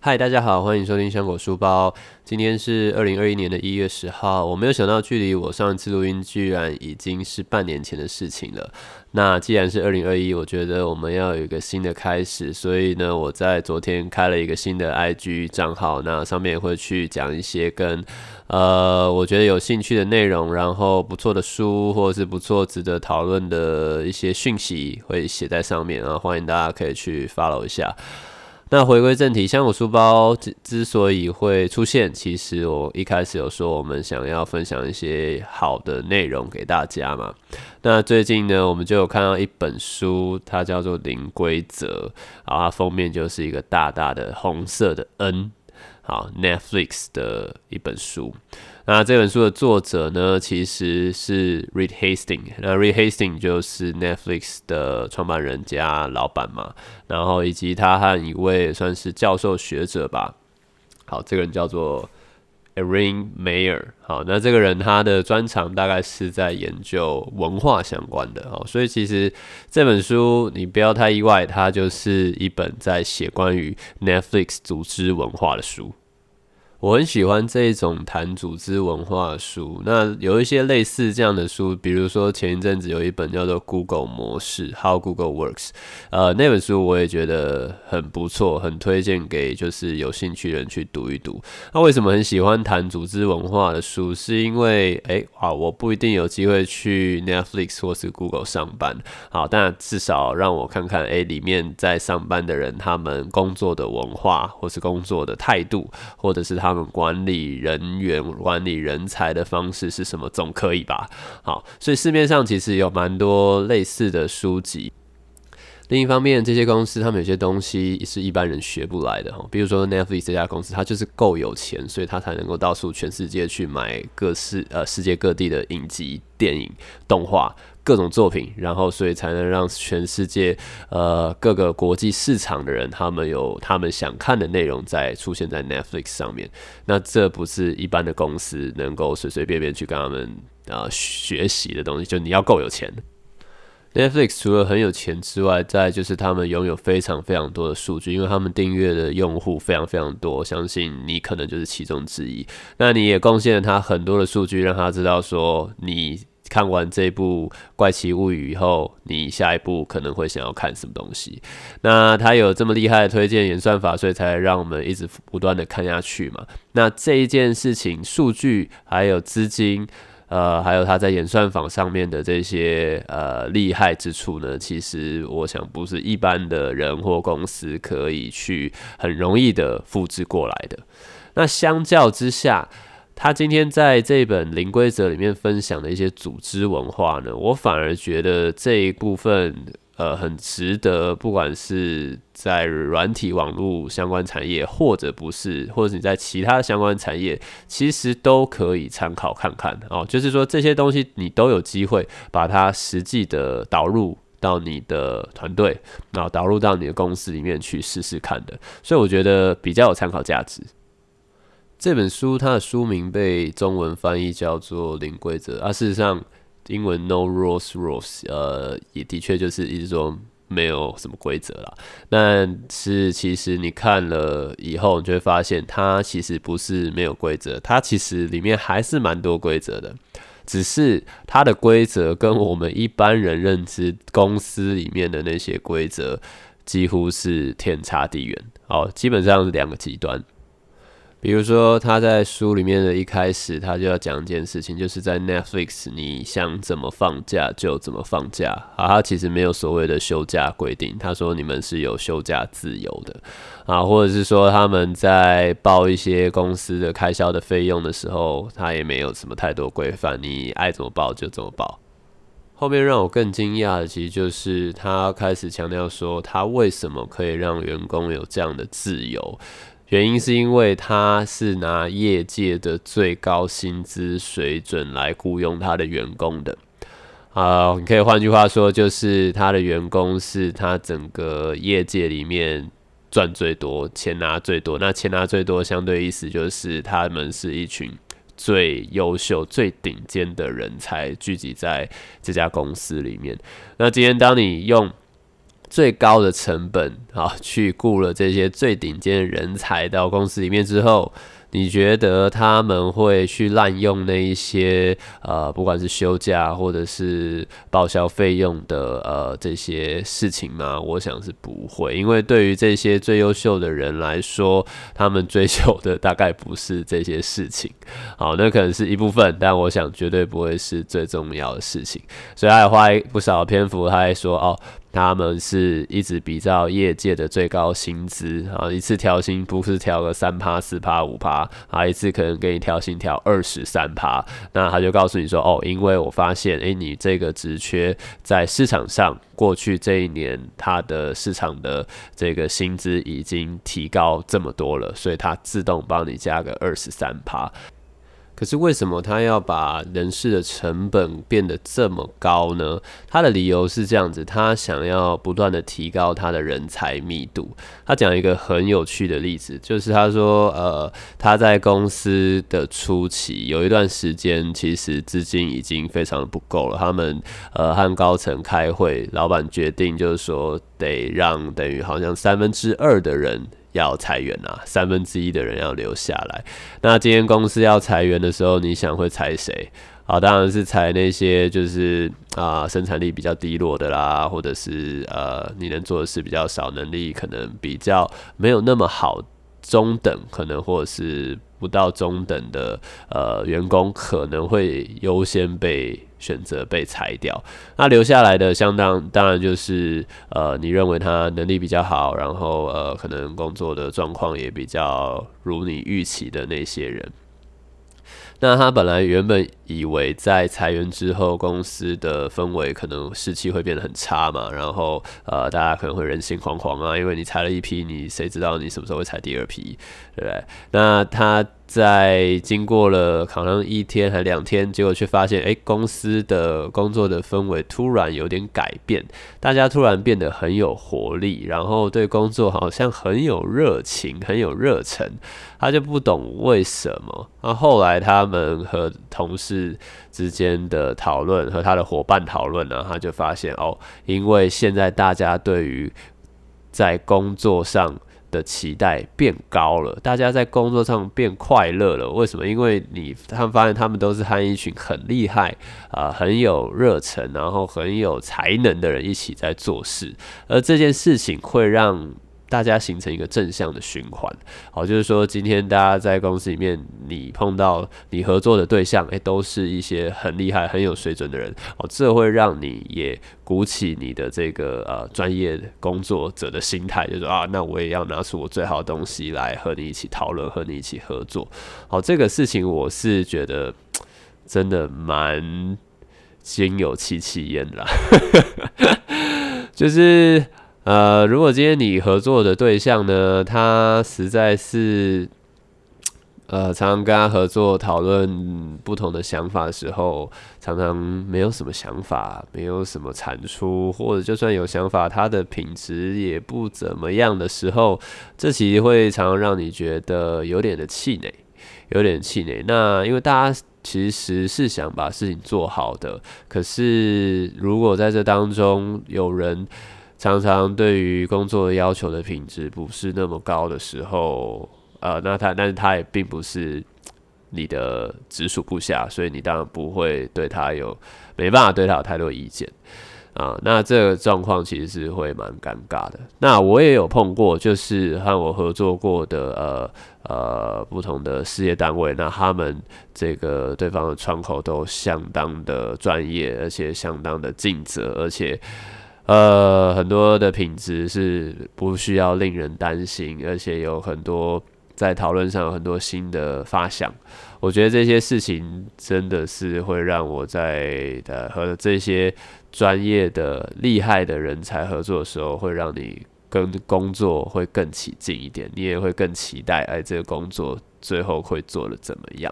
嗨，Hi, 大家好，歡迎收聽香果書包。今天是二零二一年的一月十號。我沒有想到，距離我上一次錄音居然已經是半年前的事情了。那既然是二零二一，我覺得我們要有一個新的開始，所以呢，我在昨天開了一個新的 IG 賬號，那上面也會去講一些跟呃我覺得有興趣的內容，然後不錯的書或者是不錯值得討論的一些訊息會寫在上面啊，然後歡迎大家可以去 follow 一下。那回歸正題，香果書包之之所以會出現，其實我一開始有說，我們想要分享一些好的內容給大家嘛。那最近呢，我們就有看到一本書，它叫做《零規則》，然後它封面就是一個大大的紅色的 N，好，Netflix 的一本書。那這本書的作者呢，其實是 Reed Hastings。那 Reed Hastings 就是 Netflix 的創辦人兼老板嘛，然後以及他和一位算是教授學者吧。好，這個人叫做 Erin Meyer。好，那這個人他的專長大概是在研究文化相關的哦，所以其實這本書你不要太意外，它就是一本在寫關於 Netflix 組織文化的書。我很喜歡這一種談組織文化的書，那有一些類似這樣的書，比如說前一陣子有一本叫做《Google 模式》（How Google Works），呃，那本書我也覺得很不錯，很推薦給就是有興趣的人去讀一讀。那為什麼很喜歡談組織文化的書？是因為，哎、欸，啊，我不一定有機會去 Netflix 或是 Google 上班，好，但至少讓我看看，哎、欸，裡面在上班的人他們工作的文化或是工作的態度，或者是他們，他們管理人員、管理人才的方式是什麼？總可以吧？好，所以市面上其實有蠻多類似的書籍。另一方面，這些公司他們有些東西是一般人學不來的，比如說 Netflix 這家公司，它就是夠有錢，所以它才能夠到處全世界去買各式，呃，世界各地的影集、電影、動畫。各種作品，然後所以才能讓全世界呃各個國際市場的人，他們有他們想看的內容在出現在 Netflix 上面。那這不是一般的公司能夠隨隨便便去跟他們啊、呃、學習的東西，就你要夠有錢。Netflix 除了很有錢之外，再就是他們擁有非常非常多的數據，因為他們訂閱的用戶非常非常多，相信你可能就是其中之一。那你也貢獻了他很多的數據，讓他知道說你。看完這部《怪奇物語》以後，你下一步可能會想要看什麼東西？那他有這麼厲害的推薦演算法，所以才讓我們一直不斷的看下去嘛。那這一件事情，數據還有資金，呃，還有他在演算法上面的這些呃厲害之處呢，其實我想不是一般的人或公司可以去很容易的複制過來的。那相較之下，他今天在這本《零規則》裡面分享的一些組織文化呢，我反而覺得這一部分呃很值得，不管是在軟體網絡相關產業，或者不是，或者你在其他相關產業，其實都可以參考看看哦。就是說這些東西你都有機會把它實際的導入到你的團隊，然後導入到你的公司裡面去試試看的，所以我覺得比較有參考價值。這本書它的書名被中文翻譯叫做《零規則》，啊，事實上英文 No Rules Rules，呃，也的確就是一直說沒有什麼規則啦。但是其實你看了以後，你就會發現它其實不是沒有規則，它其實裡面還是蠻多規則的，只是它的規則跟我們一般人認知公司裡面的那些規則幾乎是天差地遠哦，基本上是兩個極端。比如說，他在書裡面的一開始，他就要講一件事情，就是在 Netflix，你想怎麼放假就怎麼放假。啊，他其實沒有所謂的休假規定，他說你們是有休假自由的，啊，或者是說他們在報一些公司的開銷的費用的時候，他也沒有什麼太多規範，你愛怎麼報就怎麼報。後面讓我更驚訝的，其實就是他開始強調說，他為什麼可以讓員工有這樣的自由。原因是因為他是拿業界的最高薪資水準來僱傭他的員工的，啊，你可以換句話說，就是他的員工是他整個業界裡面賺最多、錢拿最多。那錢拿最多，相對意思就是他們是一群最優秀、最頂尖的人才聚集在這家公司裡面。那今天，當你用。最高的成本，啊，去僱了這些最頂尖的人才到公司裡面之後，你覺得他們會去濫用那一些呃，不管是休假或者是報銷費用的呃這些事情嗎？我想是不會，因為對於這些最優秀的人來說，他們追求的大概不是這些事情。好，那可能是一部分，但我想絕對不會是最重要的事情。所以他還花不少篇幅，他還說哦。他們是一直比較業界的最高薪資啊，一次調薪不是調個三趴、四趴、五趴，啊，一次可能給你調薪調二十三趴。那他就告訴你說，哦，因為我發現，哎、欸，你這個職缺在市場上過去這一年，它的市場的這個薪資已經提高這麼多了，所以它自動幫你加個二十三趴。’可是為什麼他要把人事的成本變得這麼高呢？他的理由是這樣子，他想要不斷的提高他的人才密度。他講一個很有趣的例子，就是他說，呃，他在公司的初期有一段時間，其實資金已經非常的不夠了。他們呃和高層開會，老闆決定就是說得讓等於好像三分之二的人。要裁員啊，三分之一的人要留下來。那今天公司要裁員的時候，你想會裁誰？好，當然是裁那些就是啊，生產力比較低落的啦，或者是呃你能做的事比較少，能力可能比較沒有那麼好，中等可能或者是不到中等的呃員工可能會優先被。選擇被裁掉，那留下來的相當，當然就是，呃，你認為他能力比較好，然後呃，可能工作的狀況也比較如你預期的那些人。那他本來原本。以為在裁員之後，公司的氛圍可能士氣會變得很差嘛，然後呃，大家可能會人心惶惶啊，因為你裁了一批，你誰知道你什麼時候會裁第二批，對不對？那他在經過了好像一天還兩天，結果卻發現，哎、欸，公司的工作的氛圍突然有點改變，大家突然變得很有活力，然後對工作好像很有熱情，很有熱忱，他就不懂為什麼。那後來他們和同事。之間的討論，和他的夥伴討論、啊，然後他就發現哦，因為現在大家對於在工作上的期待變高了，大家在工作上變快樂了。為什麼？因為你他們發現他們都是和一群很厲害啊、呃，很有熱忱，然後很有才能的人一起在做事，而這件事情會讓。大家形成一個正向的循環，好，就是說今天大家在公司裡面，你碰到你合作的對象，哎、欸，都是一些很厲害、很有水準的人，哦，這會讓你也鼓起你的這個呃專業工作者的心態，就是說啊，那我也要拿出我最好的東西來和你一起討論，和你一起合作。好，這個事情我是覺得真的蠻心有戚戚焉啦， 就是。呃，如果今天你合作的對象呢，他實在是，呃，常常跟他合作討論不同的想法的時候，常常沒有什麼想法，沒有什麼產出，或者就算有想法，他的品質也不怎麼樣的時候，這其實會常常讓你覺得有點的氣餒，有點氣餒。那因為大家其實是想把事情做好的，可是如果在這當中有人。常常對於工作要求的品質不是那麼高的時候，呃，那他，但是他也並不是你的直屬部下，所以你當然不會對他有沒辦法對他有太多意見啊、呃。那這個狀況其實是會蠻尷尬的。那我也有碰過，就是和我合作過的呃呃不同的事業單位，那他們這個對方的窗口都相當的專業，而且相當的盡責，而且。呃，很多的品質是不需要令人擔心，而且有很多在討論上有很多新的發想。我覺得這些事情真的是會讓我在呃和這些專業的厲害的人才合作的時候，會讓你跟工作會更起勁一點，你也會更期待哎，這個工作最後會做得怎麼樣。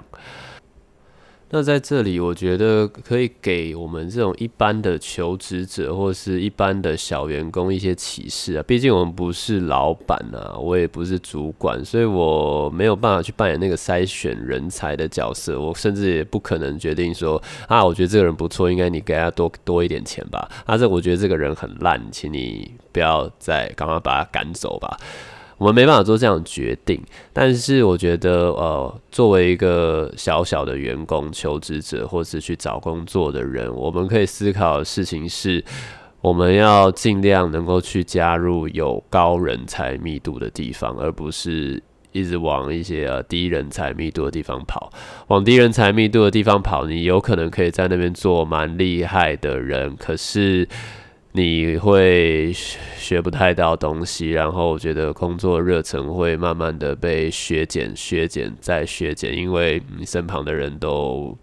那在這裡，我覺得可以給我們這種一般的求職者或是一般的小員工一些啟示啊。畢竟我們不是老闆啊，我也不是主管，所以我沒有辦法去扮演那個篩選人才的角色。我甚至也不可能決定說啊，我覺得這個人不錯，應該你給他多多一點錢吧。啊，這我覺得這個人很爛，請你不要再趕快把他趕走吧。我們沒辦法做這樣決定，但是我覺得，呃，作為一個小小的員工、求職者，或是去找工作的人，我們可以思考的事情是，我們要盡量能夠去加入有高人才密度的地方，而不是一直往一些，呃，低人才密度的地方跑。往低人才密度的地方跑，你有可能可以在那邊做蠻厲害的人，可是，你會學不太到東西，然後我覺得工作熱忱會慢慢的被削減、削減、再削減，因為你身旁的人都，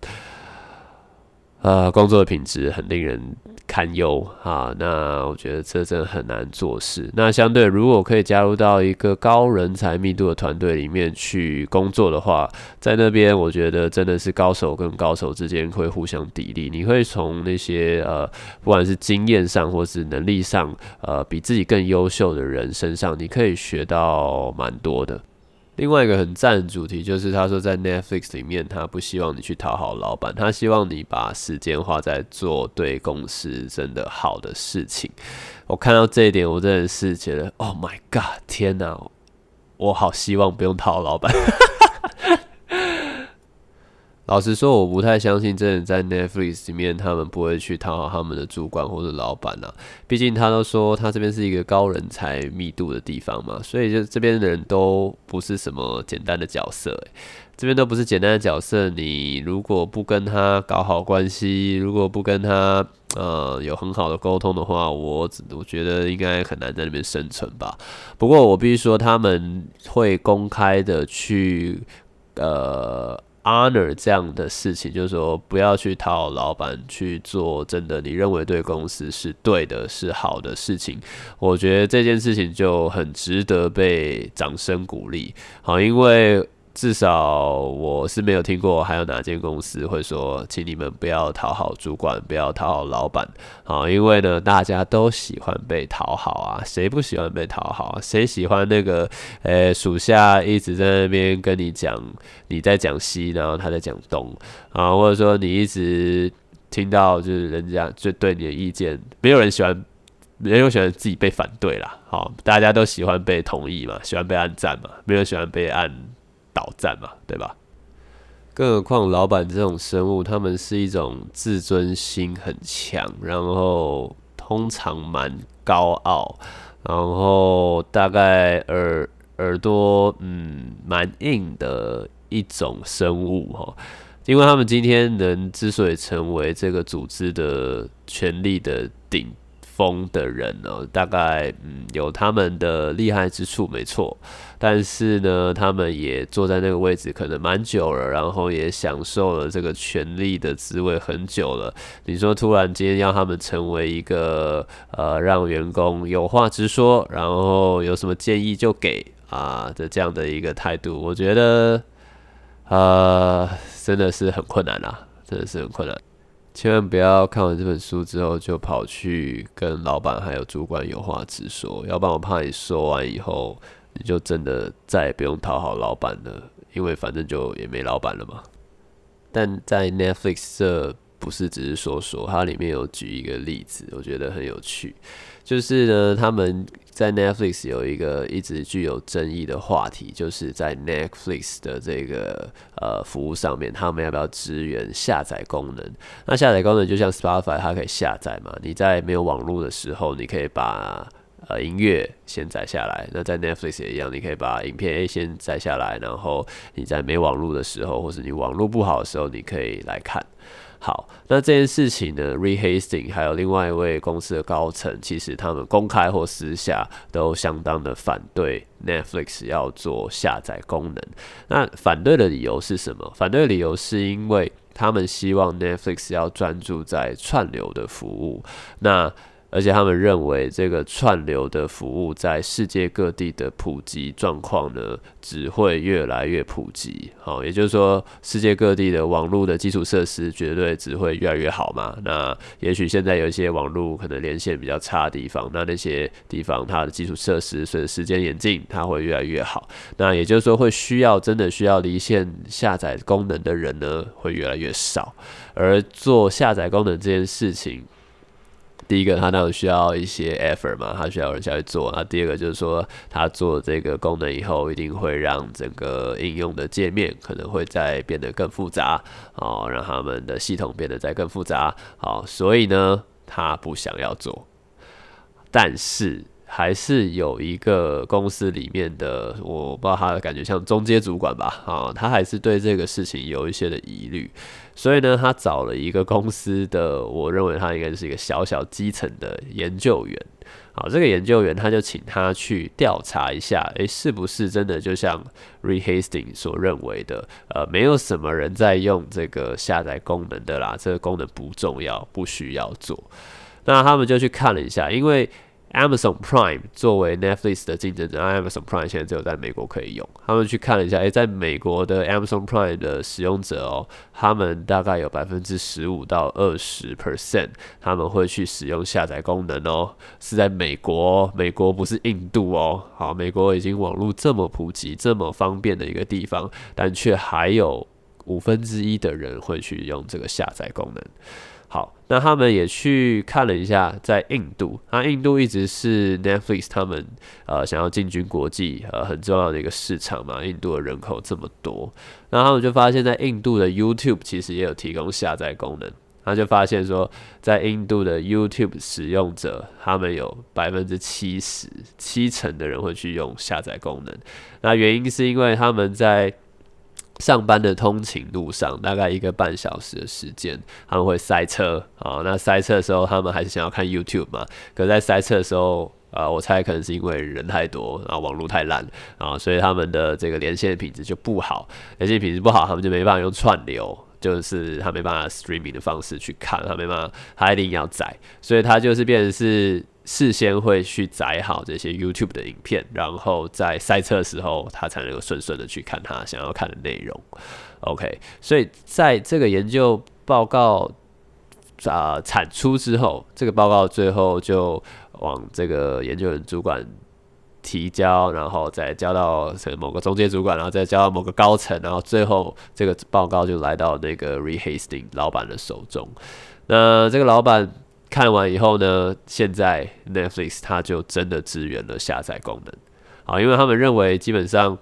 啊、呃，工作的品質很令人。堪憂啊，那我覺得這真的很難做事。那相對，如果可以加入到一個高人才密度的團隊裡面去工作的話，在那邊我覺得真的是高手跟高手之間會互相砥礪，你會從那些呃，不管是經驗上或是能力上，呃，比自己更優秀的人身上，你可以學到蠻多的。另外一個很讚的主題就是，他說在 Netflix 裡面，他不希望你去討好老板，他希望你把時間花在做對公司真的好的事情。我看到這一點，我真的是覺得 Oh my God，天哪！我好希望不用討好老板。 老實說，我不太相信真的在 Netflix 裡面，他們不會去討好他們的主管或者老闆啦。畢竟他都說他這邊是一個高人才密度的地方嘛，所以就這邊的人都不是什麼簡單的角色、欸。這邊都不是簡單的角色，你如果不跟他搞好關係，如果不跟他呃有很好的溝通的話，我只我覺得應該很難在那邊生存吧。不過我必須說，他們會公開的去呃。Honor 這樣的事情，就是說不要去討好老闆去做，真的你認為對公司是對的、是好的事情，我覺得這件事情就很值得被掌聲鼓勵。好，因為。至少我是沒有聽過還有哪間公司會說，請你們不要討好主管，不要討好老闆，好，因為呢，大家都喜歡被討好啊，誰不喜歡被討好啊？誰喜歡那個呃，屬下一直在那邊跟你講你在講西，然後他在講東啊，或者說你一直聽到就是人家就對你的意見，沒有人喜歡，沒有人喜歡自己被反對啦，好，大家都喜歡被同意嘛，喜歡被按讚嘛，沒有人喜歡被按挑戰嘛，對吧？更何況老闆這種生物，他們是一種自尊心很強，然後通常蠻高傲，然後大概耳耳朵，嗯，蠻硬的一種生物哈、喔。因為他們今天能之所以成為這個組織的權力的頂峰的人呢、喔，大概嗯，有他們的厲害之處，沒錯。但是呢，他們也坐在那個位置可能蠻久了，然後也享受了這個權力的滋味很久了。你說突然間要他們成為一個呃，讓員工有話直說，然後有什麼建議就給啊的這樣的一個態度，我覺得，呃、啊，真的是很困難啊，真的是很困難。千萬不要看完這本書之後就跑去跟老闆還有主管有話直說，要不然我怕你說完以後。你就真的再也不用討好老闆了，因為反正就也沒老闆了嘛。但在 Netflix，這不是只是說說，它裡面有舉一個例子，我覺得很有趣。就是呢，他們在 Netflix 有一個一直具有爭議的話題，就是在 Netflix 的這個呃服務上面，他們要不要支援下載功能？那下載功能就像 Spotify，它可以下載嘛，你在沒有網絡的時候，你可以把呃，音樂先載下來，那在 Netflix 也一樣，你可以把影片 A 先載下來，然後你在沒網絡的時候，或是你網絡不好的時候，你可以來看。好，那這件事情呢，Reed Hastings 還有另外一位公司的高層，其實他們公開或私下都相當的反對 Netflix 要做下載功能。那反對的理由是什麼？反對的理由是因為他們希望 Netflix 要專注在串流的服務。那而且他們認為，這個串流的服務在世界各地的普及狀況呢，只會越來越普及。好，哦，也就是說，世界各地的網絡的基礎設施絕對只會越來越好嘛。那也許現在有一些網絡可能連線比較差的地方，那那些地方它的基礎設施隨着時間演進，它會越來越好。那也就是說，會需要真的需要離線下載功能的人呢，會越來越少。而做下載功能這件事情，第一個，他那種需要一些 effort 嘛，他需要人下去做。那第二個就是說，他做這個功能以後，一定會讓整個應用的界面可能會再變得更複雜，哦，讓他們的系統變得再更複雜，好、哦，所以呢，他不想要做。但是還是有一個公司裡面的，我不知道他的感覺像中階主管吧，啊、哦，他還是對這個事情有一些的疑慮。所以呢，他找了一個公司的，我認為他應該是一個小小基層的研究員。好，這個研究員他就請他去調查一下，誒、欸，是不是真的就像 Reed Hastings 所認為的，呃，沒有什麼人在用這個下載功能的啦，這個功能不重要，不需要做。那他們就去看了一下，因為。Amazon Prime 作為 Netflix 的競爭者，Amazon Prime 現在只有在美國可以用。他們去看了一下，誒、欸，在美國的 Amazon Prime 的使用者哦，他們大概有百分之十五到二十 percent 他們會去使用下載功能哦，是在美國、哦，美國不是印度哦。好，美國已經網絡這麼普及、這麼方便的一個地方，但卻還有五分之一的人會去用這個下載功能。好，那他們也去看了一下，在印度，那、啊、印度一直是 Netflix 他們呃想要進軍國際呃很重要的一個市場嘛，印度的人口這麼多，那他們就發現，在印度的 YouTube 其實也有提供下載功能，他就發現說，在印度的 YouTube 使用者，他們有百分之七十七成的人會去用下載功能，那原因是因為他們在。上班的通勤路上，大概一個半小時的時間，他們會塞車啊、哦。那塞車的時候，他們還是想要看 YouTube 嘛？可是在塞車的時候，呃，我猜可能是因為人太多，然後網絡太爛啊、哦，所以他們的這個連線品質就不好。連線品質不好，他們就沒辦法用串流，就是他沒辦法 Streaming 的方式去看，他沒辦法，他一定要載，所以他就是變成是。事先會去載好這些 YouTube 的影片，然後在賽車的時候，他才能夠順順的去看他想要看的內容。OK，所以在這個研究報告啊、呃、產出之後，這個報告最後就往這個研究人員主管提交，然後再交到某個中介主管，然後再交到某個高層，然後最後這個報告就來到那個 Reed Hastings 老板的手中。那這個老板。看完以後呢，現在 Netflix 它就真的支援了下載功能，啊，因為他們認為基本上，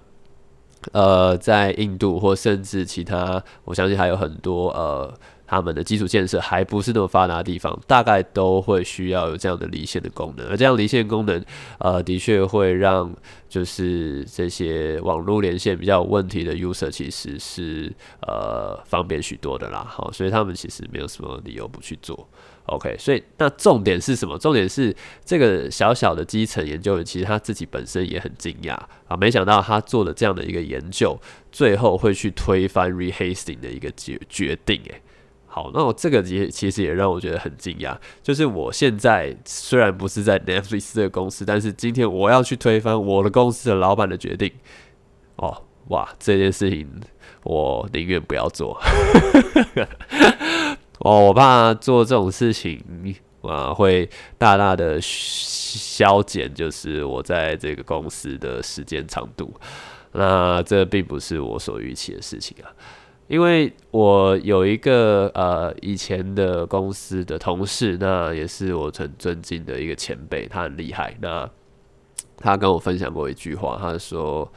呃，在印度或甚至其他，我相信還有很多呃，他們的基礎建設還不是那麼發達的地方，大概都會需要有這樣的離線的功能。而這樣離線的功能，呃，的確會讓就是這些網絡連線比較有問題的 user 其實是呃方便許多的啦。好，哦，所以他們其實沒有什麼理由不去做。OK，所以那重點是什麼？重點是這個小小的基層研究員，其實他自己本身也很驚訝啊，沒想到他做了這樣的一個研究，最後會去推翻 Reed Hastings 的一個決決定。哎，好，那我這個也其實也讓我覺得很驚訝。就是我現在雖然不是在 Netflix 這個公司，但是今天我要去推翻我的公司的老闆的決定。哦，哇，這件事情我寧願不要做。 哦，我怕做這種事情，嗯、啊，會大大的削減，就是我在這個公司的時間長度。那這並不是我所預期的事情啊，因為我有一個呃以前的公司的同事，那也是我很尊敬的一個前輩，他很厲害。那他跟我分享過一句話，他說：“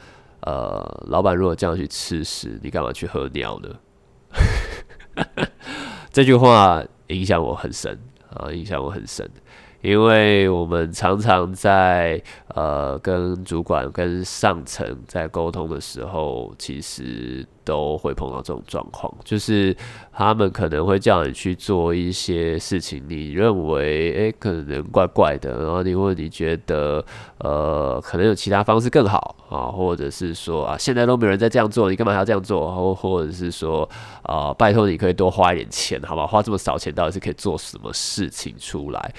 呃，老闆如果這樣去吃屎，你幹嘛去喝尿呢？” 這句話影響我很深啊，影響我很深。因為我們常常在呃跟主管，跟上層在溝通的時候，其實都會碰到這種狀況，就是他們可能會叫你去做一些事情，你認為誒，可能怪怪的，然後你問你覺得呃，可能有其他方式更好啊，或者是說啊，現在都沒有人在這樣做，你幹嘛還要這樣做啊？或或者是說啊，拜託你可以多花一點錢，好嗎？花這麼少錢，到底是可以做什麼事情出來？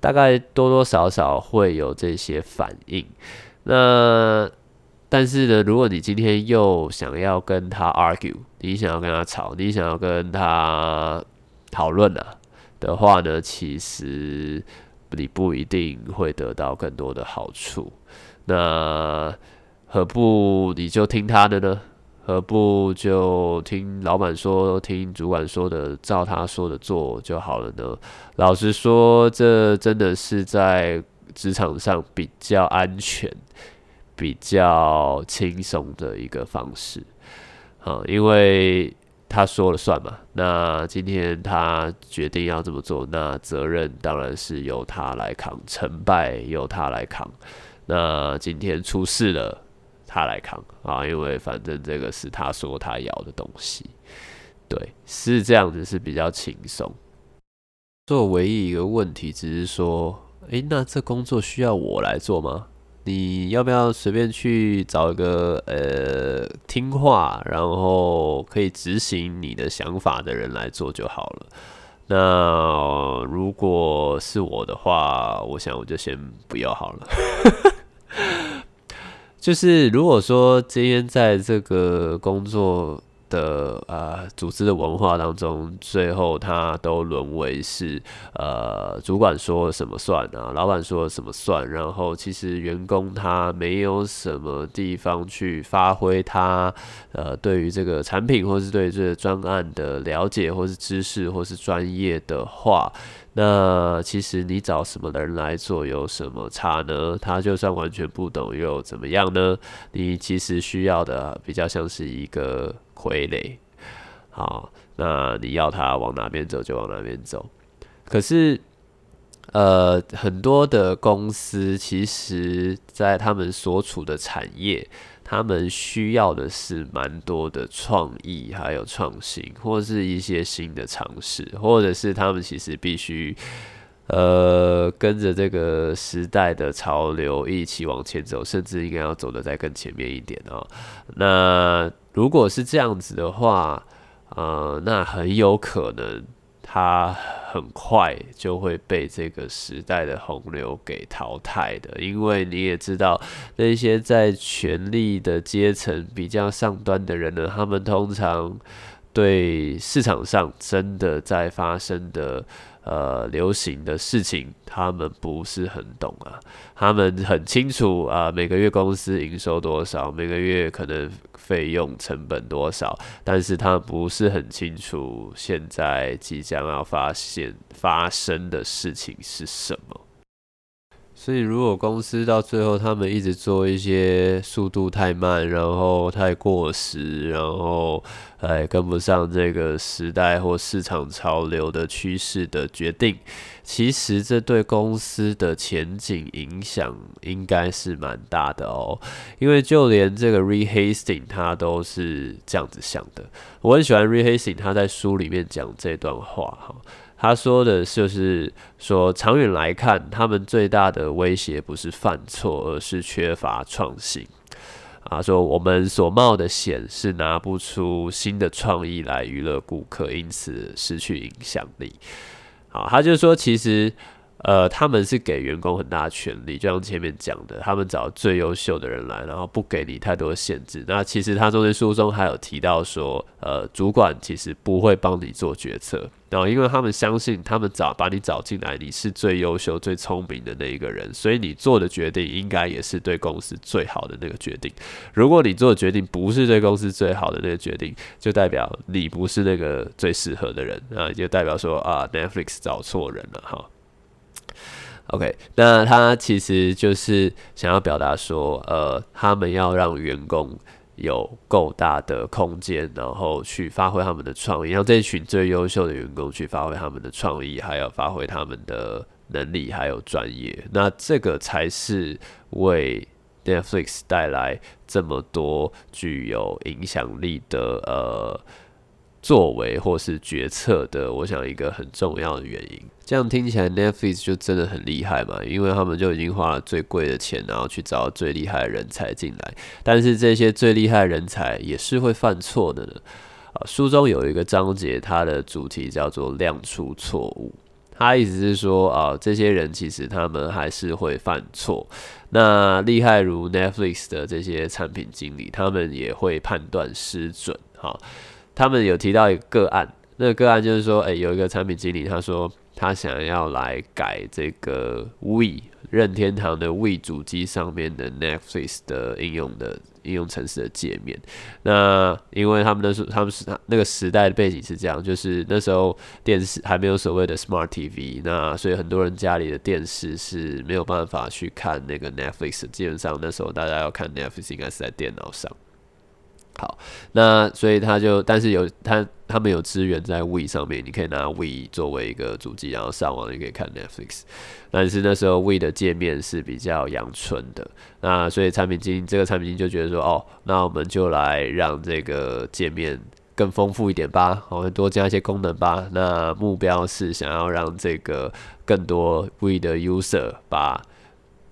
大概多多少少會有這些反應，那但是呢，如果你今天又想要跟他 argue，你想要跟他吵，你想要跟他討論啊的話呢，其實你不一定會得到更多的好處，那何不你就聽他的呢？何不就聽老闆說，聽主管說的，照他說的做就好了呢？老實說，這真的是在職場上比較安全、比較輕鬆的一個方式。好，嗯，因為他說了算嘛。那今天他決定要這麼做，那責任當然是由他來扛，成敗由他來扛。那今天出事了。他來扛啊，因為反正這個是他說他要的東西，對，是這樣子是比較輕鬆。做唯一一個問題，只是說，誒，那這工作需要我來做嗎？你要不要隨便去找一個呃聽話，然後可以執行你的想法的人來做就好了？那如果是我的話，我想我就先不要好了。 就是如果說今天在這個工作的啊、呃、組織的文化當中，最後他都淪為是呃主管說了什麼算啊，老板說了什麼算，然後其實員工他沒有什麼地方去發揮他呃對於這個產品或是對這個專案的了解或是知識或是專業的話。那其實你找什麼人來做有什麼差呢？他就算完全不懂又怎麼樣呢？你其實需要的比較像是一個傀儡。好，那你要他往哪邊走就往哪邊走。可是，呃，很多的公司其實在他們所處的產業。他們需要的是蠻多的創意，還有創新，或是一些新的嘗試，或者是他們其實必須，呃，跟着這個時代的潮流一起往前走，甚至應該要走得再更前面一點哦。那如果是這樣子的話，呃，那很有可能。他很快就會被這個時代的洪流給淘汰的，因為你也知道，那些在權力的階層比較上端的人呢，他們通常。對市場上真的在發生的呃流行的事情，他們不是很懂啊。他們很清楚啊，呃，每個月公司營收多少，每個月可能費用成本多少，但是他不是很清楚現在即將要發現發生的事情是什麼。所以，如果公司到最後他們一直做一些速度太慢，然後太過時，然後哎跟不上這個時代或市場潮流的趨勢的決定，其實這對公司的前景影響應該是蠻大的哦、喔。因為就連這個 Reed Hastings，他都是這樣子想的。我很喜歡 Reed Hastings，他在書裡面講這段話哈。他說的就是說，長遠來看，他們最大的威脅不是犯錯，而是缺乏創新。他說我們所冒的險是拿不出新的創意來娛樂顧客，因此失去影響力。好，他就說其實。呃，他們是給員工很大的權利。就像前面講的，他們找最優秀的人來，然後不給你太多限制。那其實他中間書中還有提到說，呃，主管其實不會幫你做決策，然後因為他們相信他們找把你找進來，你是最優秀、最聰明的那一個人，所以你做的決定應該也是對公司最好的那個決定。如果你做的決定不是對公司最好的那個決定，就代表你不是那個最適合的人啊，就代表說啊，Netflix 找錯人了哈。OK，那他其實就是想要表達說，呃，他們要讓員工有夠大的空間，然後去發揮他們的創意，讓這群最優秀的員工去發揮他們的創意，還有發揮他們的能力，還有專業。那這個才是為 Netflix 帶來這麼多具有影響力的，呃。作為或是決策的，我想一個很重要的原因。這樣聽起來 Netflix 就真的很厲害嘛？因為他們就已經花了最貴的錢，然後去找最厲害的人才進來。但是這些最厲害的人才也是會犯錯的呢。啊，書中有一個章節，它的主題叫做“亮出錯誤”。他意思是說啊，這些人其實他們還是會犯錯。那厲害如 Netflix 的這些產品經理，他們也會判斷失準。哈。他們有提到一個個案，那個個案就是說，誒、欸，有一個產品經理，他說他想要來改這個 Wii 任天堂的 Wii 主機上面的 Netflix 的應用的應用程式的界面。那因為他們那時候，他們是那個時代的背景是這樣，就是那時候電視還沒有所謂的 Smart TV，那所以很多人家裡的電視是沒有辦法去看那個 Netflix。基本上那時候大家要看 Netflix 應該是在電腦上。好，那所以他就，但是有他他們有資源在 Wii 上面，你可以拿 Wii 作為一個主機，然後上網就可以看 Netflix。但是那時候 Wii 的界面，是比較陽春的，那所以產品經理這個產品經理就覺得說，哦，那我們就來讓這個界面更豐富一點吧，我們，哦，多加一些功能吧。那目標是想要讓這個更多 Wii 的 user 吧。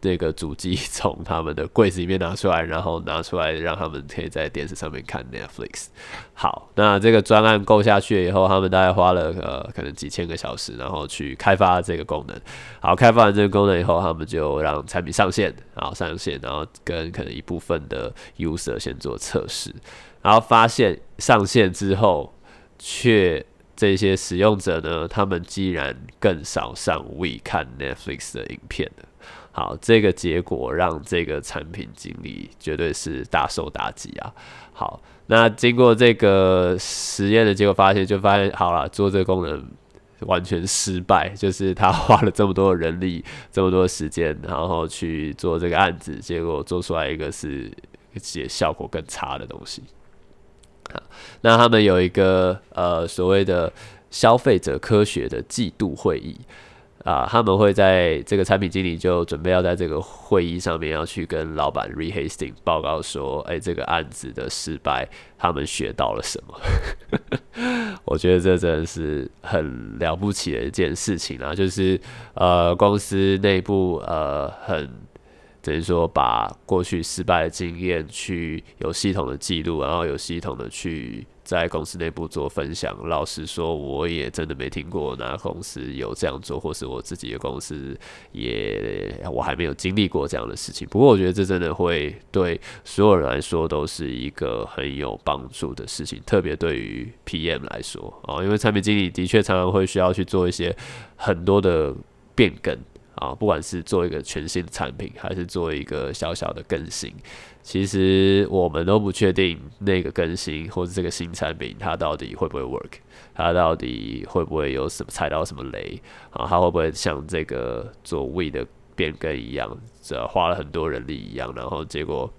這個主機從他們的櫃子裡面拿出來，然後拿出來讓他們可以在電視上面看 Netflix。好，那這個專案購下去了以後，他們大概花了呃可能幾千個小時，然後去開發這個功能。好，開发完這個功能以後，他們就讓產品上線，然後上線，然後跟可能一部分的 user 先做測試，然後發現上線之後卻。這些使用者呢，他們既然更少上 We 看 Netflix 的影片了。好，這個結果讓這個產品經理絕對是大受打擊啊！好，那經過這個實驗的結果發現，就發現好了，做這個功能完全失敗，就是他花了這麼多人力、這麼多時間，然後去做這個案子，結果做出來一個是，而且效果更差的東西。那他們有一個呃所謂的消費者科學的季度會議啊、呃，他們會在這個產品經理就準備要在這個會議上面要去跟老闆 Reed Hastings 報告說，哎、欸，這個案子的失敗，他們學到了什麼？ 我覺得這真的是很了不起的一件事情啊，就是呃公司內部呃很。等於說，把過去失敗的經驗去有系統的記錄，然後有系統的去在公司內部做分享。老實說，我也真的沒聽過哪個公司有這樣做，或是我自己的公司也我還沒有經歷過這樣的事情。不過，我覺得這真的會對所有人來說都是一個很有幫助的事情，特別對於 PM 來說啊，因為產品經理的確常常會需要去做一些很多的變更。啊，不管是做一個全新的產品，還是做一個小小的更新，其實我們都不確定那個更新或者這個新產品它到底會不會 work，它到底會不會有什麼踩到什麼雷啊？它會不會像這個做 We 的變更一樣，這花了很多人力一樣，然後結果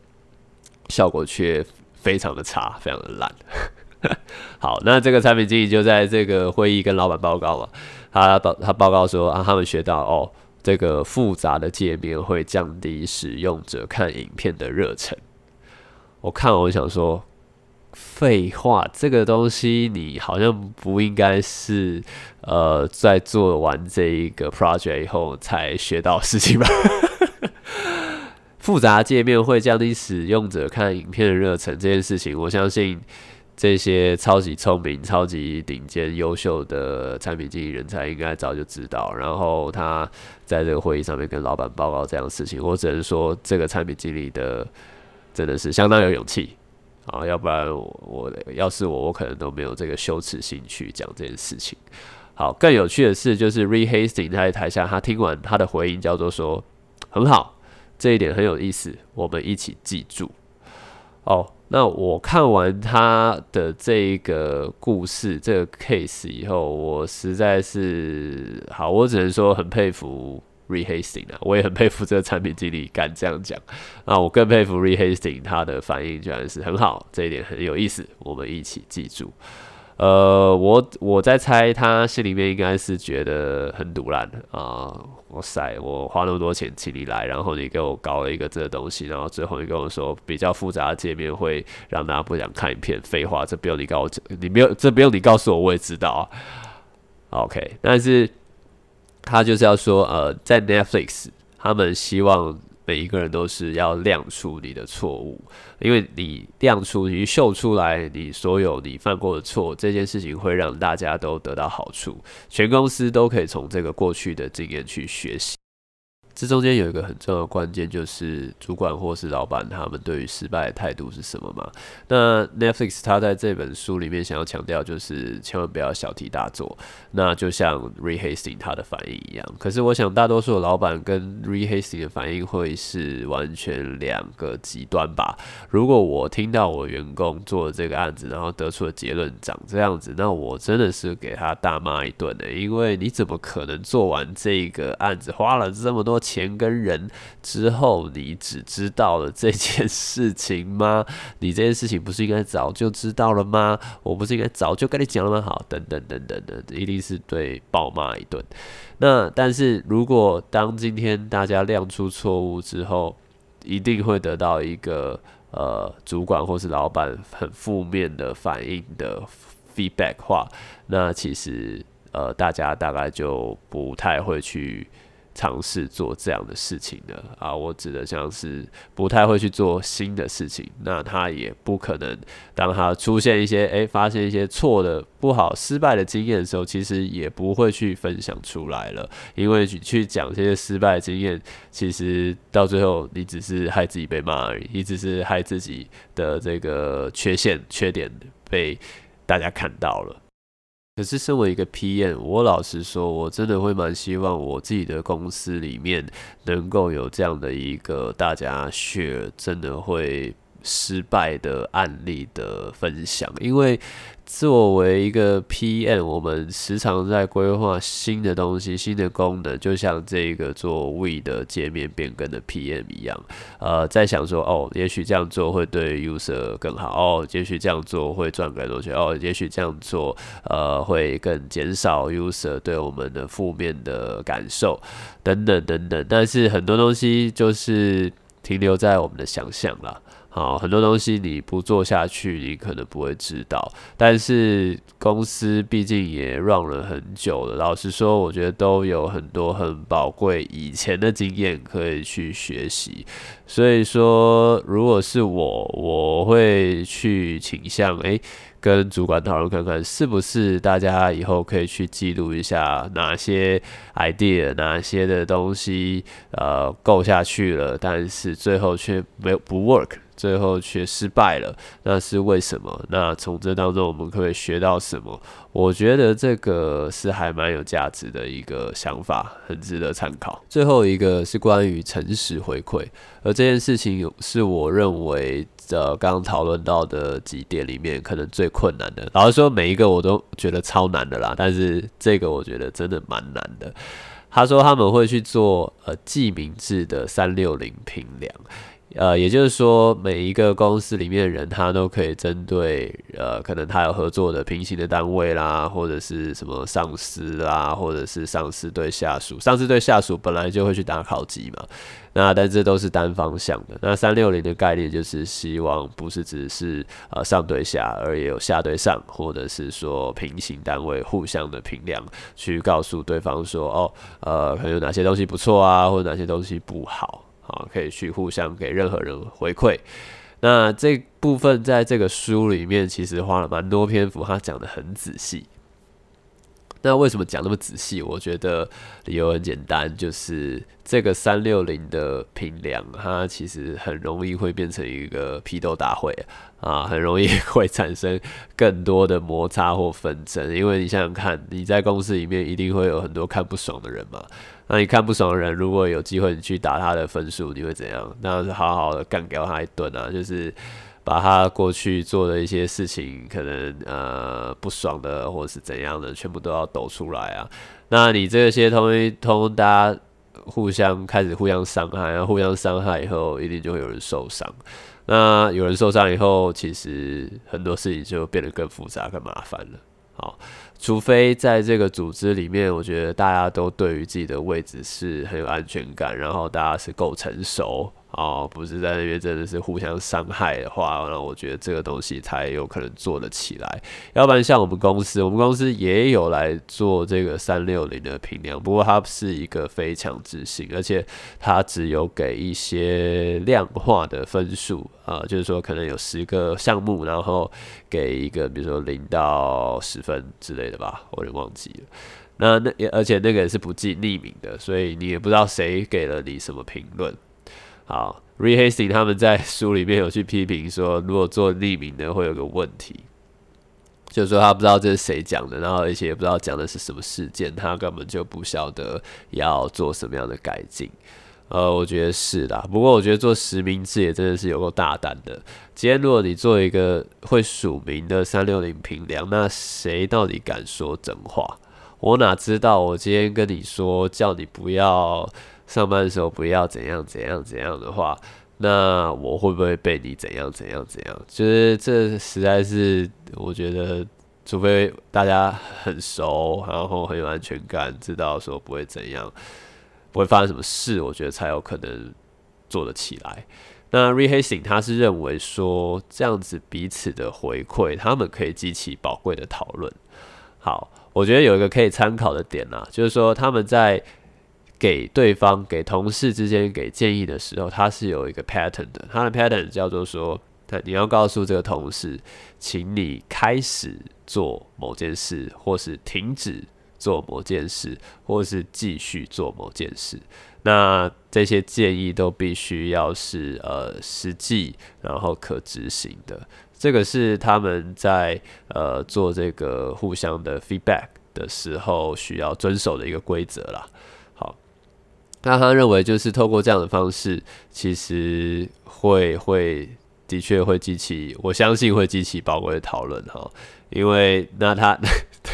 效果卻非常的差，非常的爛。 好，那這個產品經理就在這個會議跟老板報告嘛，他報他報告說啊，他們學到哦。這個複雜的界面會降低使用者看影片的熱忱。我看，我想說廢話，這個東西你好像不應該是呃，在做完這一個 project 以後才學到事情吧？ 複雜界面會降低使用者看影片的熱忱這件事情，我相信。這些超級聰明、超級頂尖、優秀的產品經理人才應該早就知道，然後他在這個會議上面跟老闆報告這樣的事情。我只能說，這個產品經理的真的是相當有勇氣啊！要不然我，我，我，要是我，我可能都沒有這個羞恥心去講這件事情。好，更有趣的是就是，Reed Hastings 他在台下，他聽完他的回應，叫做說：“很好，這一點很有意思，我們一起記住。”哦。那我看完他的這個故事、這個 case 以後，我實在是好，我只能說很佩服 Reed Hastings 啊！我也很佩服這個產品經理敢這樣講。那我更佩服 Reed Hastings 他的反應，居然是很好，這一點很有意思，我們一起記住。呃，我我在猜，他心裡面應該是覺得很賭爛啊！哇、呃哦、塞，我花那麼多錢請你來，然後你給我搞了一個這個東西，然後最後你跟我說比較複雜的界面會讓大家不想看影片。廢話，這不用你告我，你沒有，這不用你告訴我，我也知道啊。OK，但是他就是要說，呃，在 Netflix，他們希望。每一個人都是要亮出你的錯誤，因為你亮出、你秀出來你所有你犯過的錯，這件事情會讓大家都得到好處，全公司都可以從這個過去的經驗去學習。這中間有一個很重要的關鍵，就是主管或是老闆他們對於失敗的態度是什麼嘛？那 Netflix 他在這本書裡面想要強調，就是千萬不要小題大做。那就像 Reed Hastings 他的反應一樣，可是我想大多數的老闆跟 Reed Hastings 的反應會是完全兩個極端吧？如果我聽到我員工做了這個案子，然後得出的結論長這樣子，那我真的是給他大罵一頓的，因為你怎麼可能做完這個案子花了這麼多錢？錢跟人之後，你只知道了這件事情嗎？你這件事情不是應該早就知道了嗎？我不是應該早就跟你講了嗎？好，等等等等，等等，一定是對暴罵一頓。那但是如果當今天大家亮出錯誤之後，一定會得到一個呃主管或是老闆很負面的反應的 feedback 的話，那其實呃大家大概就不太會去。嘗試做這樣的事情的啊，我指的像是不太會去做新的事情。那他也不可能，當他出現一些誒、欸，發現一些錯的不好、失敗的經驗的時候，其實也不會去分享出來了。因為你去講這些失敗的經驗，其實到最後你只是害自己被罵而已，你只是害自己的這個缺陷、缺點被大家看到了。可是，身為一個 PM，我老實說，我真的會蠻希望我自己的公司裡面能夠有這樣的一個大家 share，真的會。失敗的案例的分享，因為作為一個 PM，我們時常在規劃新的東西、新的功能，就像這個做 We 的界面變更的 PM 一樣，呃，在想說，哦，也許這樣做會對 User 更好，哦，也許這樣做會賺更多錢，哦，也許這樣做，呃，會更減少 User 對我們的負面的感受，等等等等。但是很多東西就是停留在我們的想象了。好，很多東西你不做下去，你可能不會知道。但是公司畢竟也 run 了很久了，老實說，我覺得都有很多很寶貴以前的經驗可以去學習。所以說，如果是我，我會去傾向誒、欸，跟主管討論看看，是不是大家以後可以去記錄一下哪些 idea、哪些的東西，呃，夠下去了，但是最後卻沒有不 work。最後卻失敗了，那是為什麼？那從這當中我們可以學到什麼？我覺得這個是還蠻有價值的一個想法，很值得參考。最後一個是關於誠實回饋，而這件事情是我認為呃剛討論到的幾點裡面可能最困難的。老實說，每一個我都覺得超難的啦，但是這個我覺得真的蠻難的。他說他們會去做呃記名字的三六零評量。呃，也就是說，每一個公司裡面的人，他都可以針對呃，可能他有合作的平行的單位啦，或者是什麼上司啊，或者是上司對下屬，上司對下屬本來就會去打考績嘛，那但這都是單方向的。那三六零的概念就是希望不是只是呃上對下，而也有下對上，或者是說平行單位互相的評量，去告訴對方說，哦，呃，可能有哪些東西不錯啊，或者哪些東西不好。好，可以去互相給任何人回饋。那這部分在這個書裡面，其實花了蠻多篇幅，他講得很仔細。那為什麼講那麼仔細？我覺得理由很簡單，就是這個三六零的評量，它其實很容易會變成一個批鬥大會啊，很容易會產生更多的摩擦或紛爭。因為你想想看，你在公司裡面一定會有很多看不爽的人嘛。那你看不爽的人，如果有機會你去打他的分數，你會怎樣？那好好的幹掉他一頓啊，就是。把他過去做的一些事情，可能呃不爽的或者是怎樣的，全部都要抖出來啊。那你這些通通大家互相開始互相傷害，然後互相傷害以後，一定就會有人受傷。那有人受傷以後，其實很多事情就變得更複雜、更麻煩了。好，除非在這個組織裡面，我覺得大家都對於自己的位置是很有安全感，然後大家是夠成熟，哦，不是在那邊真的是互相傷害的話，那我覺得這個東西才有可能做得起來。要不然像我們公司，我們公司也有來做這個三六零的評量，不過它不是一個非常自信，而且它只有給一些量化的分數啊、呃，就是說可能有十個項目，然後給一個，比如說零到十分之類的吧，我就忘記了。那那而且那個也是不記匿名的，所以你也不知道誰給了你什麼評論。好，Reed Hastings 他們在書裡面有去批評說，如果做匿名的會有個問題，就是說他不知道這是誰講的，然後而且也不知道講的是什麼事件，他根本就不曉得要做什麼樣的改進。呃，我覺得是啦，不過我覺得做實名制也真的是有夠大膽的。今天如果你做一個會署名的三六零評量，那誰到底敢說真話？我哪知道？我今天跟你說，叫你不要。上班的時候不要怎樣怎樣怎樣的話，那我會不會被你怎樣怎樣怎樣？就是這實在是我覺得，除非大家很熟，然後很有安全感，知道說不會怎樣，不會發生什麼事，我覺得才有可能做得起來。那 Reed Hastings 他是認為說這樣子彼此的回饋，他們可以激起寶貴的討論。好，我覺得有一個可以參考的點呢、啊，就是說他們在。給對方、給同事之間給建議的時候，他是有一個 pattern 的。他的 pattern 叫做說，他，你要告訴這個同事，請你開始做某件事，或是停止做某件事，或是繼續做某件事。那這些建議都必須要是呃實際，然後可執行的。這個是他們在呃做這個互相的 feedback 的時候需要遵守的一個規則啦。那他認為就是透過這樣的方式，其實會會的確會激起，我相信會激起寶貴的討論哈。因為那他呵呵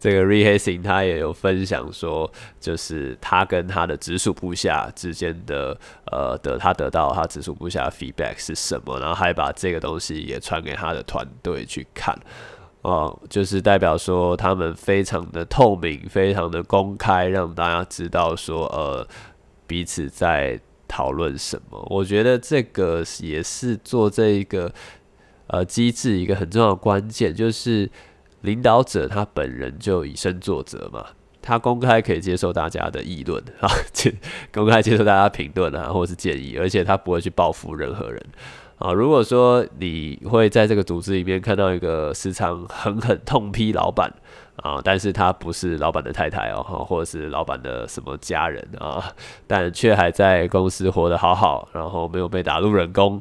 這個 Reed Hastings 他也有分享說，就是他跟他的直屬部下之間的呃的他得到他直屬部下的 feedback 是什麼，然後還把這個東西也傳給他的團隊去看。哦，就是代表說他們非常的透明，非常的公開，讓大家知道說，呃，彼此在討論什麼。我覺得這個也是做這一個呃機制一個很重要的關鍵，就是領導者他本人就以身作則嘛，他公開可以接受大家的議論啊，接公開接受大家的評論啊，或是建議，而且他不會去報復任何人。啊，如果說你會在這個組織裡面看到一個時常狠狠痛批老闆啊，但是他不是老闆的太太哦，或者是老闆的什麼家人啊，但卻還在公司活得好好，然後沒有被打入冷宮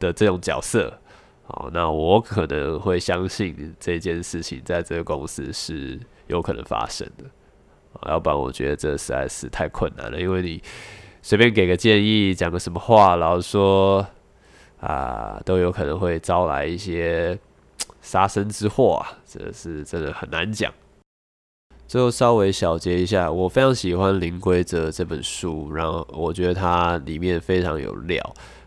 的這種角色，好，那我可能會相信這件事情在這個公司是有可能發生的啊，要不然我覺得這實在是太困難了，因為你隨便給個建議，講個什麼話，然後說。啊，都有可能會招來一些殺身之禍啊！這是真的很難講。最後稍微小結一下，我非常喜歡《零規則》這本書，然後我覺得它裡面非常有料。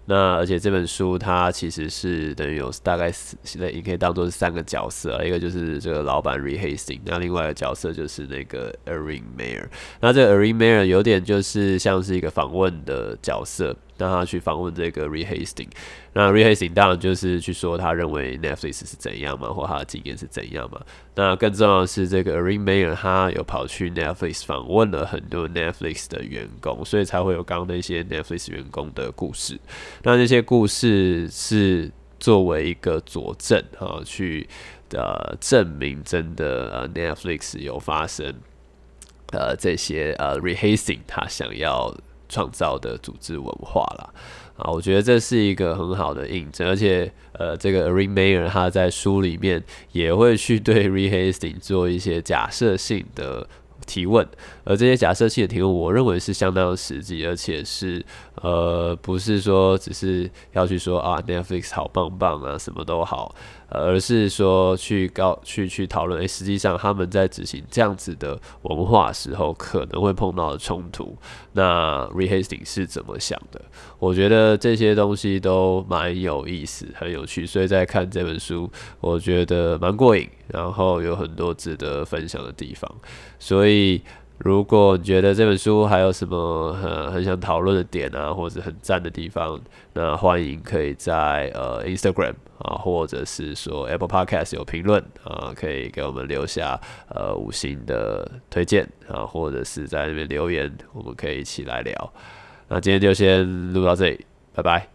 那而且這本書它其實是等於有大概現在也可以當做是三個角色，啊，一個就是這個老闆 Reed Hastings，那另外一個角色就是那個 Erin Meyer，那這個 Erin Meyer 有點就是像是一個訪問的角色。讓他去訪問這個 Reed Hastings，那 Reed Hastings 當然就是去說他認為 Netflix 是怎樣嘛，或他的經驗是怎樣嘛。那更重要的是，這個 Erin Meyer 他有跑去 Netflix 訪問了很多 Netflix 的員工，所以才會有剛剛那些 Netflix 員工的故事。那那些故事是作為一個佐證啊，去的、呃、證明真的、呃、Netflix 有發生呃這些呃 Reed Hastings，他想要。創造的組織文化了啊，我覺得這是一個很好的印證，而且呃，這個 Erin Meyer 他在書裡面也會去對 Reed Hastings 做一些假設性的提問。而這些假設性的題目，我認為是相當實際，而且是呃，不是說只是要去說啊 Netflix 好棒棒啊，什麼都好，呃、而是說去高去去討論，誒、欸，實際上他們在執行這樣子的文化時候，可能會碰到的衝突。那 Reed Hastings 是怎麼想的？我覺得這些東西都蠻有意思，很有趣，所以在看這本書，我覺得蠻過癮，然後有很多值得分享的地方，所以。如果你覺得這本書還有什麼很、呃、很想討論的點啊，或者是很讚的地方，那歡迎可以在呃 Instagram 啊，或者是說 Apple Podcast 有評論啊，可以給我們留下呃五星的推薦啊，或者是在那邊留言，我們可以一起來聊。那今天就先錄到這裡，拜拜。